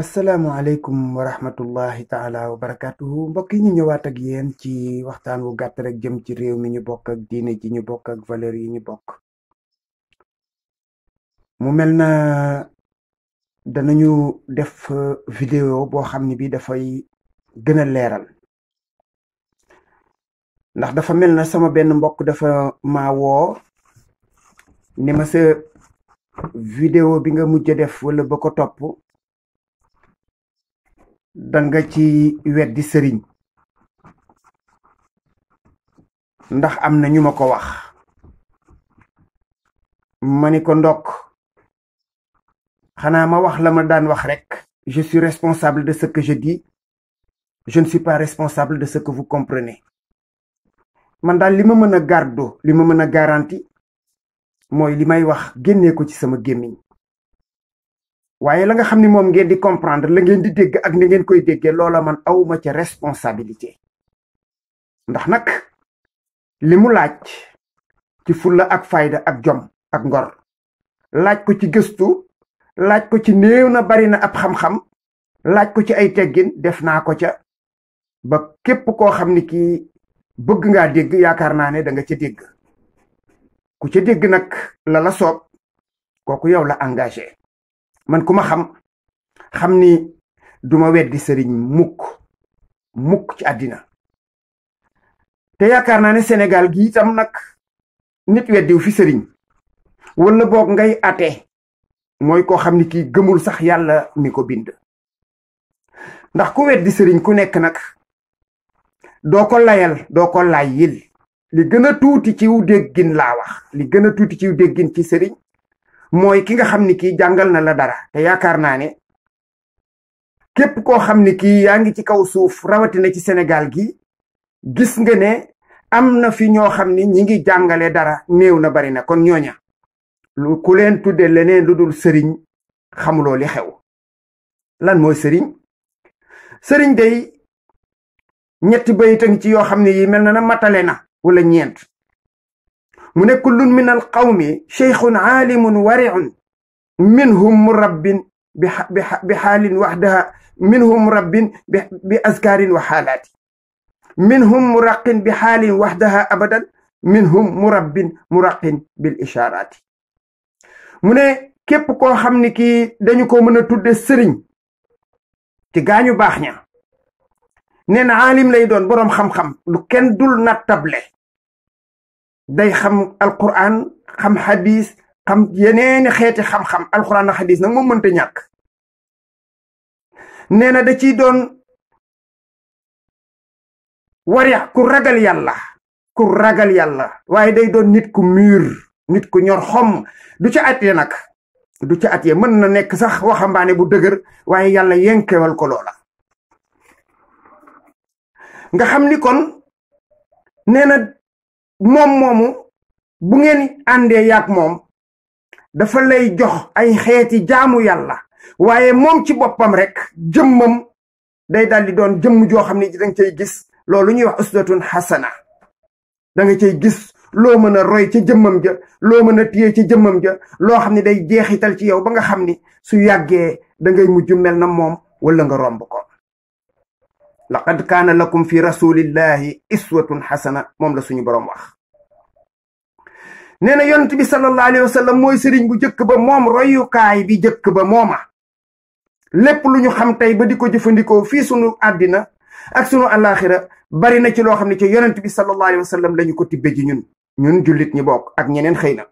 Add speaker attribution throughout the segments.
Speaker 1: asalaamaaleykum wa rahmatullahi taala wa barakatuhu mbokk yi ñu ñëwaat ak yéen ci waxtaan wu gàtt rek jëm ci réew mi ñu bokk ak diine ji ñu bokk ak valeur yi ñu bokk mu mel na danañu def vidéo boo xam ne bi dafay gën a leeral ndax dafa mel na sama benn mbokk dafa maa woo ni ma sa vidéo bi nga mujj a def wala ba ko topp danga ci weddi sëriñ ndax am na ñu ma ko wax ma ni ko ndokk xanaa ma wax la ma daan wax rek je suis responsable de ce que je dis je suis pas responsable de ce que vous comprenez man daal li ma mën a gardo li ma mën a garanti mooy li may wax génnee ci sama gémmiñ waaye la nga xam ne moom ngeen di comprendre la ngeen di dégg ak ni ngeen koy déggee loola man awma ca responsabilité ndax nag li mu laaj ci fulla ak fayda ak jom ak ngor laaj ko ci gëstu laaj ko ci néew na bari na ab xam-xam laaj ko ci ay teggin def naa ko ca ba képp koo xam ni kii bëgg ngaa dégg yaakaar naa ne danga ca dégg ku ca dégg nag lala la soob kooku yow la engagé man ku ma xam xam ni duma weddi sëriñ mukk mukk ci àddina te yaakaar naa ne senegal gi tam nag nit weddiw fi sëriñ wala boog ngay atte mooy koo xam ni ki gëmul sax yàlla ni ko bind ndax ku weddi sëriñ ku nekk nag doo ko layal doo ko layyil li gën a tuuti ciw déggin laa wax li gën a tuuti ciw déggin ci sëriñ mooy ki nga xam ni kii jàngal na la dara te yaakaar naa ne képp koo xam ni kii yaa ngi ci kaw suuf rawatina ci Sénégal gi gis nga ne am na fi ñoo xam ni ñi ngi jàngale dara néew na bari na kon ñooña lu ku leen tudde leneen lu dul sëriñ xamuloo li xew lan mooy sëriñ sëriñ day ñetti bayit ci yoo xam ne yi mel na na matale na wala ñeent mu ne kullun min al qawmi cheikhun aalimun wariun minhum murabbin bi bi xaalin waxdaha minhum murabbin bi askaarin wa xaalaati minhum muraqin bi xaalin waxdaha abadan minhum murabbin muraqin ishaaraati mu ne képp koo xam ni kii dañu ko mën a tudde sëriñ ci gaañu baax ña nee na aalim lay doon boroom xam lu kenn dul nattable day xam alquran xam xadis xam yeneeni xeeti xam-xam alquran ak xadis nag moom mënta ñàkk nee na da ciy doon wariya ku ragal yàlla ku ragal yàlla waaye day doon nit ku mûr nit ku ñor xom du ca at ye nag du ca at ye mën na nekk sax waxambaane bu dëgër waaye yàlla yenkewel ko loola nga xam ni kon nee moom moomu bu ngeen àndee yàgg moom dafa lay jox ay xeeti jaamu yàlla waaye moom ci boppam rek jëmmam day daal di doon jëmm joo xam ne danga cay gis loolu ñuy wax usdatun xasana da nga cay gis loo mën a roy ca jëmmam ja loo mën a téye ca jëmmam ja loo xam ni day jeexital ci yow ba nga xam ni su yàggee da ngay mujj mel na moom wala nga romb ko laqad kaana lakum fi rasulillahi iswatun xasana moom la suñu boroom wax nee na yonent bi sallallahu alayhi wa sallam mooy sëriñ bu jëkk ba moom royukaay bi jëkk ba mooma lépp lu ñu xam tey ba di ko jëfandikoo fii sunu àddina ak sunu àllaaxira bari na ci loo xam ne ci yonent bi sallallahu alayhi wa sallam ko tibbe ji ñun ñun jullit ñi bokk ak ñeneen xëy na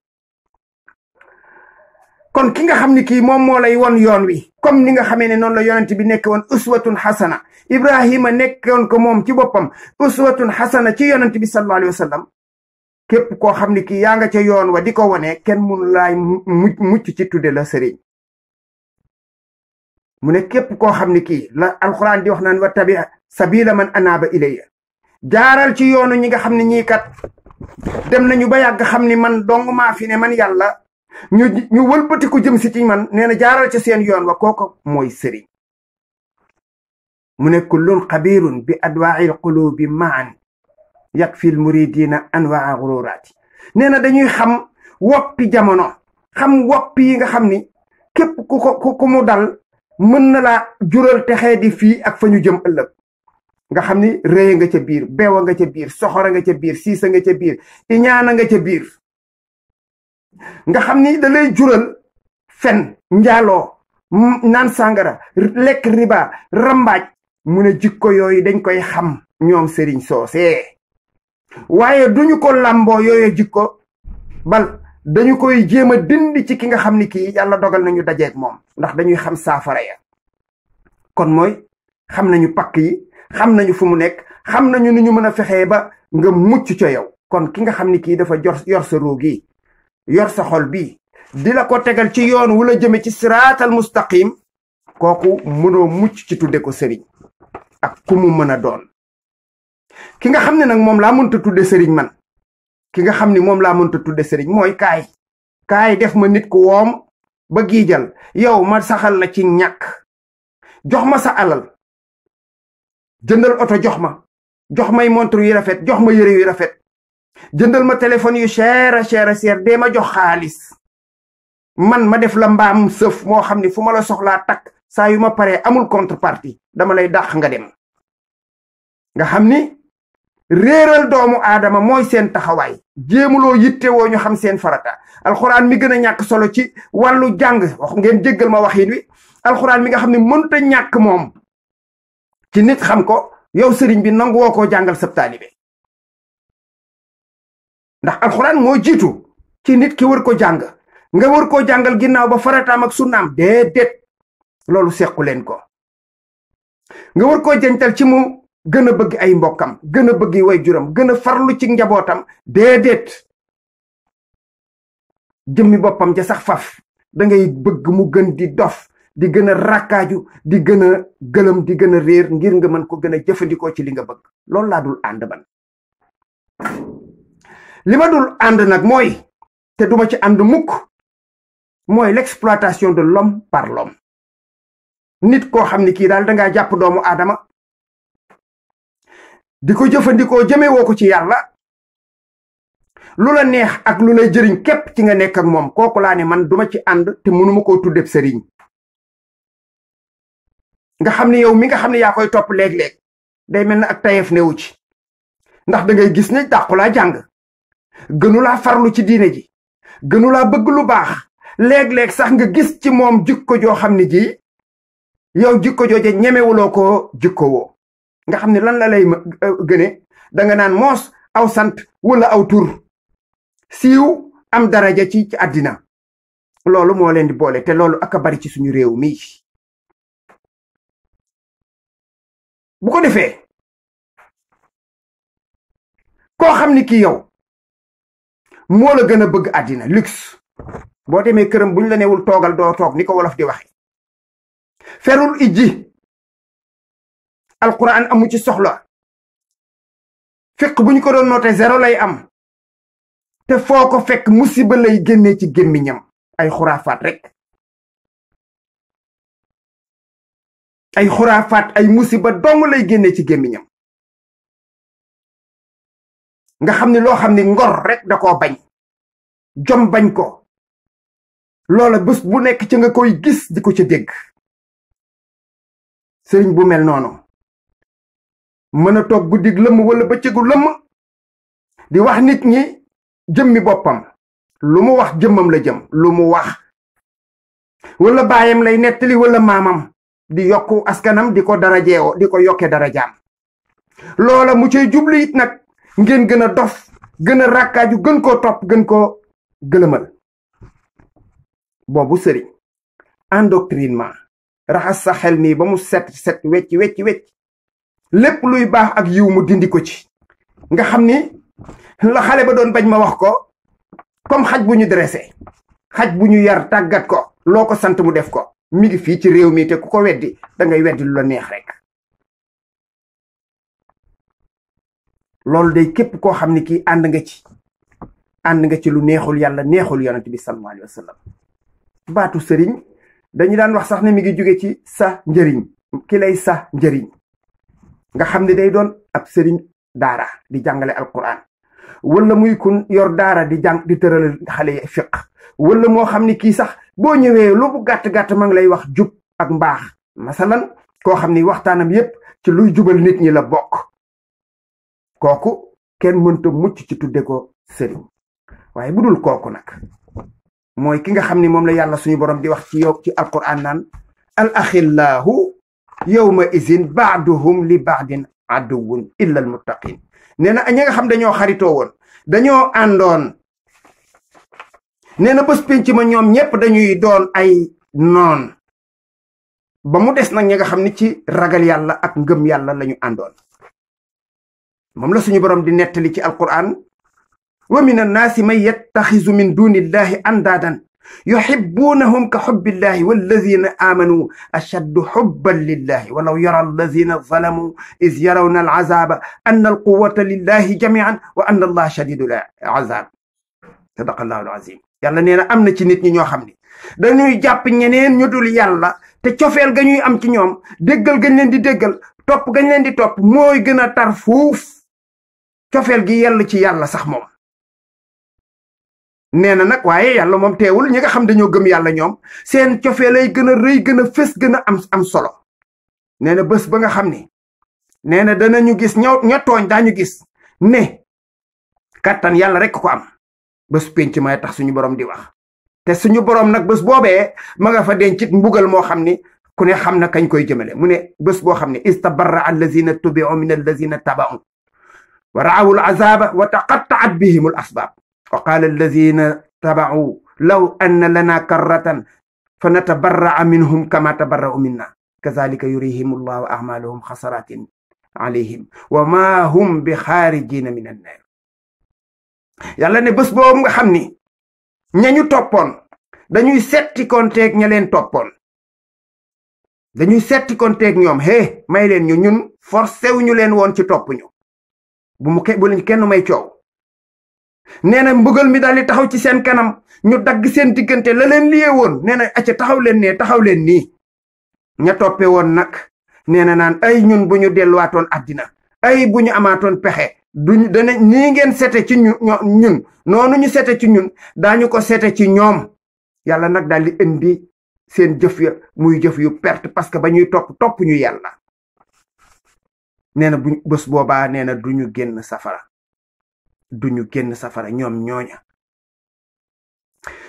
Speaker 1: kon ki nga xam ni kii moom moo lay won yoon wi comme ni nga xamee ne noonu la yonent bi nekk woon uswatun xasana ibrahima nekkoon ko moom ci boppam uswatun xasana ci yonent bi sallallahu alayhi wa sallam képp koo xam ni kii yaa nga ca yoon wa di ko wone kenn mënu laay mucc mucc ci tudde la sëriñ mu ne képp koo xam ni kii la di wax naan wa tabi sabila man anaaba ilayya jaaral ci yoonu ñi nga xam ne ñii kat dem nañu ba yàgg xam ni man dong maa fi ne man yàlla ñu ñu wëlbatiku jëm si ci man nee na jaaral ca seen yoon wa kooko mooy sëriñ mu ne kullun xabirun bi adwaa'il qulubi maan yakfi lmuridina anwaa xururaati nee na dañuy xam woppi jamono xam woppi yi nga xam ni képp ku ko ku mu dal mën na laa jural texee di fii ak fa ñu jëm ëllëg nga xam ni rëy nga ca biir bewa nga ca biir soxora nga ca biir siisa nga ca biir iñaana nga ca biir nga xam ni da jural fen njaaloo naan sàngara lekk riba rambaaj mu ne jikko yooyu dañ koy xam ñoom sëriñ soosee waaye duñu ko làmboo yooyu jikko bal dañu koy jéem a dindi ci ki nga xam ni kii yàlla dogal nañu dajeeg moom ndax dañuy xam saafara ya kon mooy xam nañu pakk yi xam nañu fu mu nekk xam nañu nu ñu mën a fexee ba nga mucc ca yow kon ki nga xam ni kii dafa jor yor sa ruu gi yor sa xol bii di la ko tegal ci yoon wu jëme ci siraatal mustaqim kooku mënoo mucc ci tudde ko sëriñ ak ku mu mën a doon ki nga xam ne nag moom laa mënta tudde sëriñ man ki nga xam ni moom laa mënta tudde sëriñ mooy kaay kaay def ma nit ku woom ba giijal yow ma saxal la ci ñàkk jox ma sa alal jëndal oto jox ma jox may montre yu rafet jox ma yëre yu rafet jëndal ma téléphone yu cher a cher dee ma jox xaalis man ma def la mbaam sëf moo xam ni fu ma la soxlaa takk saa yu ma paree amul contrepartie dama lay dàq nga dem nga xam ni réeral doomu aadama mooy seen taxawaay jéemuloo yittewoo ñu xam seen farata alxuraan mi gën a ñàkk solo ci wàllu jàng wax ngeen jéggal ma waxin wi alxuraan mi nga xam ne mënut a ñàkk moom ci nit xam ko yow sëriñ bi nanguwoo koo jàngal sab taalibe ndax alxuraan moo jiitu ci nit ki war ko jàng nga war koo jàngal ginnaaw ba farataam ak sunnaam déedéet loolu sequ leen ko nga war koo jantal ci mu gën a bëgg ay mbokkam gën a bëgg way juram gën a farlu ci njabootam déedéet jëmmi boppam ja sax faf dangay bëgg mu gën di dof di gëna a rakkaaju di gëna gëlëm di gëna réer ngir nga mën ko gëna a jëfandikoo ci li nga bëgg loolu laa dul ànd ban li ma dul ànd nag mooy te duma ci ànd mukk mooy l'exploitation de l'homme par l'homme nit koo xam ne kii daal dangaa jàpp doomu aadama di ko jëfandikoo jëmewoo ko ci yàlla lu la neex ak lu lay jëriñ képp ci nga nekk ak moom kooku laa ne man duma ci ànd te mënuma koo tuddeb sëriñ nga xam ne yow mi nga xam ne yaa koy topp leeg léeg day mel na ak tayeef newu ci ndax dangay gis ne dàqu jàng gënulaa farlu ci diine ji gënulaa bëgg lu baax léeg-léeg sax nga gis ci moom jikko joo xam ji yow jikko jooje ñemewuloo ko jikko nga xam ne lan la lay euh, gëne danga naan moos aw sant wala aw tur siiw am daraja ci ci àddina loolu moo leen di boole te loolu ak bari ci suñu réew mi bu ko defee koo xam ni kii yow moo la gën a bëgg àddina luxe boo demee këram bu buñ la newul toogal doo toog ni ko wolof di waxe ferul ijji alquran amu ci soxla fiq buñ ko doon noote zéro lay am te foo ko fekk musiba lay génnee ci gémmiñam ay xuraafaat rek ay xuraafaat ay musiba dong lay génnee ci gémmiñam nga xam ni loo xam ni ngor rek da koo bañ jom bañ ko loola bés bu nekk ci nga koy gis di ko ca dégg sëriñ bu mel noonu mën a toog guddi lëmm wala bëccëgu lëmm di wax nit ñi jëmmi boppam lu mu wax jëmmam la jëm lu mu wax wala baayam lay nettali wala maamam di yokku askanam di ko darajeewoo di ko yokkee darajaam loola mu cay jublu nag ngeen gën a dof gën a rakkaaju gën koo topp gën koo gëlëmal boobu sëriñ endoctrinement raxas sa xel mii ba mu set set wecc wecc wecc lépp luy baax ak yiw mu dindi ko ci nga xam ni la xale ba doon bañ ma wax ko comme xaj bu ñu dressé xaj bu ñu yar tàggat ko loo ko sant mu def ko mi ngi fii ci réew mi te ku ko weddi da ngay weddi lu la neex rek loolu day képp koo xam ne kii ànd nga ci ànd nga ci lu neexul yàlla neexul yonent bi sallallahu alayhi wa baatu sëriñ dañu daan wax sax ne mi ngi jóge ci sa njëriñ ki lay sa njëriñ nga xam ne day doon ab sëriñ daara di jàngale alquran wala muy kun yor daara di jàng di tëral xale yi fiq wala moo xam ne kii sax boo ñëwee lu gàtt-gàtt ma ngi lay wax jub ak mbaax masalan koo xam ni waxtaanam yépp ci luy jubal nit ñi la bokk kooku kenn mënta mucc ci tudde ko sëriñ waaye bu dul kooku nag mooy ki nga xam ni moom la yàlla suñu boroom di wax ci yow ci alquran naan al axillaahu ma izin baaduhum li baadin aduwun illa al muttaqin nee na ñi nga xam dañoo xaritoo woon dañoo àndoon nee na bés ma ñoom ñépp dañuy doon ay noon ba mu des nag ñi nga xam ni ci ragal yàlla ak ngëm yàlla lañu àndoon moom la suñu borom di nettali ci alquran wa min annaasi man yattaxisu min dunillahi andaadan yuxibbuunahum ka xubbillahi wallazina aamanu ashaddu xubban lillahi walaw yara allazina zalamu is yarawna alazaba an alquwata lillahi jamian wa anna allaha shadidul azab sadaqa allahu alazim yàlla nee na am na ci nit ñi ñoo xam ne dañuy jàpp ñeneen ñu dul yàlla te cofeel ga ñuy am ci ñoom déggal gañ leen di déggal topp gañ leen di topp mooy gën a tar fuuf cofeel gi yell ci yàlla sax moom nee na nag waaye yàlla moom teewul ñi nga xam dañoo gëm yàlla ñoom seen cofeel lay gën a rëy gën a fës gën a am am solo nee na bés ba nga xam ni nee na ñu gis ñoo ña tooñ ñu gis ne kàttan yàlla rekk ko am bés pénc may tax suñu borom di wax te suñu boroom nag bés boobee ma nga fa dencit mbugal moo xam ni ku ne xam na kañ koy jëmale mu ne bës boo xam ne istabarra allazina tubiu min allazina tabaun wa raawul azaaba wa taqattaat bihimul asbaab wa qaala allazina taba'u law anna lana karratan fa natabarra'a minhum kama tabarra'u minna kazalika yurihim allahu a'malahum xasaratin alayhim wa ma hum bi xaarijina min annaar yàlla ne bés boobu nga xam ni ñañu toppoon dañuy setti konteeg ña leen toppoon dañuy setti konteeg ñoom hé may leen ñu ñun forcé wuñu leen woon ci topp ñu bu mu bu kenn may coow nee na mbugal mi daal di taxaw ci seen kanam ñu dagg seen diggante la leen liyee woon nee na acca taxaw leen nee taxaw leen nii ña toppe woon nag nee na naan ay ñun bu ñu delluwaatoon àddina ay bu ñu amaatoon pexe du dana nii ngeen seete ci ñu ñun noonu ñu sete ci ñun daañu ko seete ci ñoom yàlla nag daal di indi seen jëf ya muy jëf yu perte parce que ba ñuy topp topp ñu yàlla nee na buñ bés boobaa nee na duñu génn safara duñu génn safara ñoom ñooña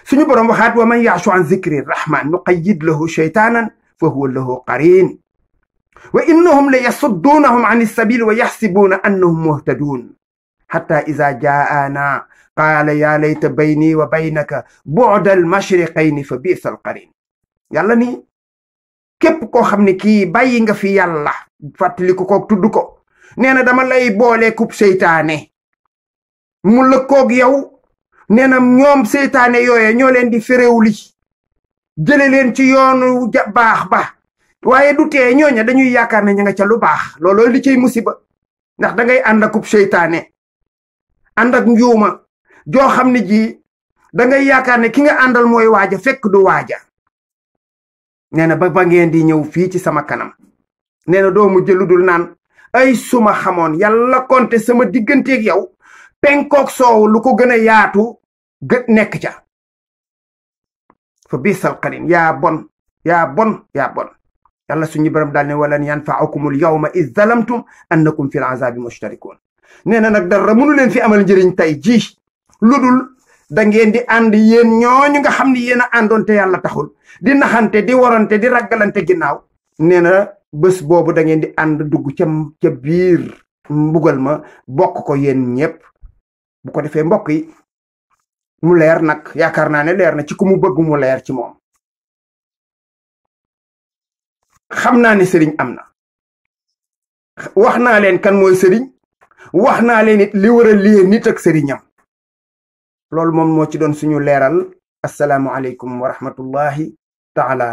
Speaker 1: suñu boroom waxaat wa man yaachu an zikri rahman nuqayyid lahu shaytaanan fa huwa lahu qarin wa innahum la yasudduunahum an ilsabil wa yaxsibuuna annahum muhtaduun xata ida jaaanaa qaala yaa layta bayni wa baynaka bu'da almashriqayni fa bi'sa alqarin yàlla ni képp koo xam ne kii bàyyi nga fi yàlla fàttaliku kook tudd ko nee na dama lay boole kub seytaane mu lëkkoog yow nee na ñoom seytaane yooye ñoo leen di féréwli jële leen ci yoonu ja baax ba waaye du tee ñooña dañuy yaakaar na ña nga ca lu baax looloo li ciy musiba ndax dangay ngay ànd ak kub seytaane ànd ak njuuma joo xam ne ji dangay yaakaar ne ki nga àndal mooy waaja fekk du waaja nee na ba ba ngeen di ñëw fii ci sama kanam nee na doo mujj lu dul naan ay suma xamoon yàlla konte sama digganteek yow penkook soow lu ko gën a yaatu gë nekk ca fa biisal qarin yaa bon yaa bon yaa bon yàlla suñu borom daal ne walan yanfaakumul yawma iz zalamtum annakum fil azabi mushtarikun nee na nag dara mënu leen fi amal njëriñ tey ji lu dul da ngeen di ànd yéen ñooñu nga xam ne yéen a àndoon te yàlla taxul di naxante di warante di raggalante ginnaaw bës boobu dangeen di ànd dugg ca ca biir mbugal ma bokk ko yéen ñépp bu ko defee mbokk yi mu leer nag yaakaar naa ne leer na ci ku mu bëgg mu leer ci moom xam naa ne sëriñ am na wax naa leen kan mooy sëriñ wax naa leen li war a liyee nit ak sëriñam loolu moom moo ci doon suñu leeral asalaamu aleykum wa rahmatullahi taala